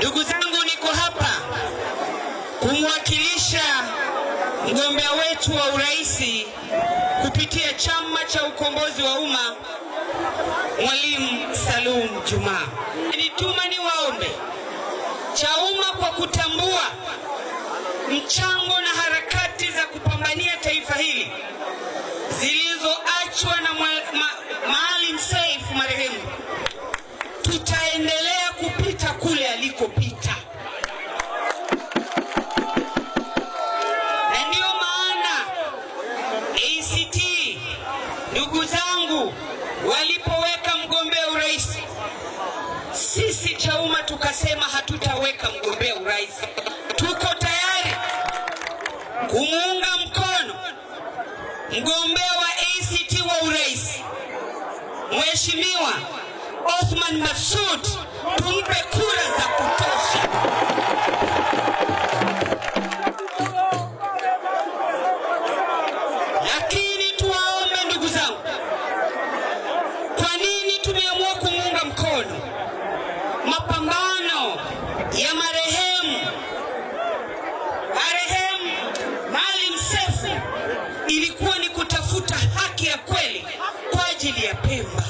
Ndugu zangu, niko hapa kumwakilisha mgombea wetu wa urais kupitia chama cha ukombozi wa umma Mwalimu Salum Juma. Nituma cha umma kwa kutambua mchango na harakati za kupambania taifa hili zilizoachwa na Maalim Seif marehemu, tutaendelea Ndugu zangu, walipoweka mgombea urais, sisi Chauma tukasema hatutaweka mgombea urais. Tuko tayari kumuunga mkono mgombea wa ACT wa urais Mheshimiwa Othman Masoud, tumpe kutafuta haki ya kweli kwa ajili ya Pemba.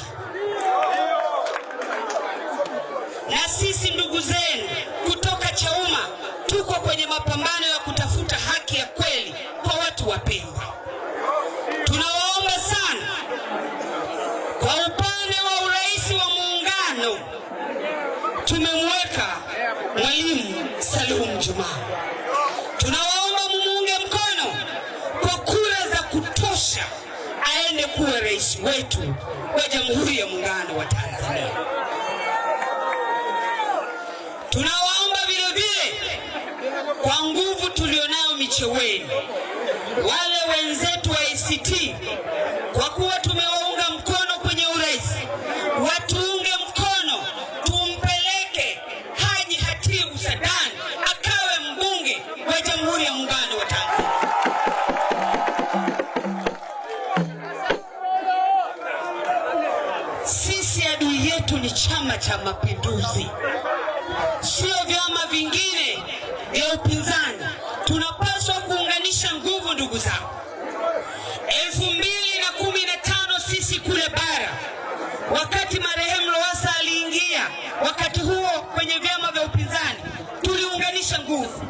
Na sisi ndugu zenu kutoka Chauma tuko kwenye mapambano ya kutafuta haki ya kweli kwa watu wa Pemba. Tunawaomba sana kwa upande wa urais wa muungano tumemweka Mwalimu Salum Juma. Tunawa rais wetu wa Jamhuri ya Muungano wa Tanzania. Tunawaomba vilevile kwa nguvu tulionayo Micheweni, wale wenzetu wa ACT kwa chetu ni Chama cha Mapinduzi, sio vyama vingine vya upinzani. Tunapaswa kuunganisha nguvu, ndugu zangu. elfu mbili na kumi na tano sisi kule bara, wakati marehemu Lowassa aliingia, wakati huo kwenye vyama vya upinzani tuliunganisha nguvu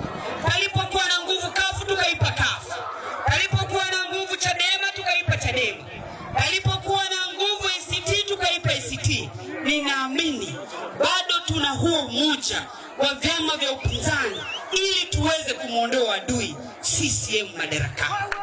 ninaamini bado tuna huo umoja wa vyama vya upinzani ili tuweze kumwondoa adui CCM madarakani.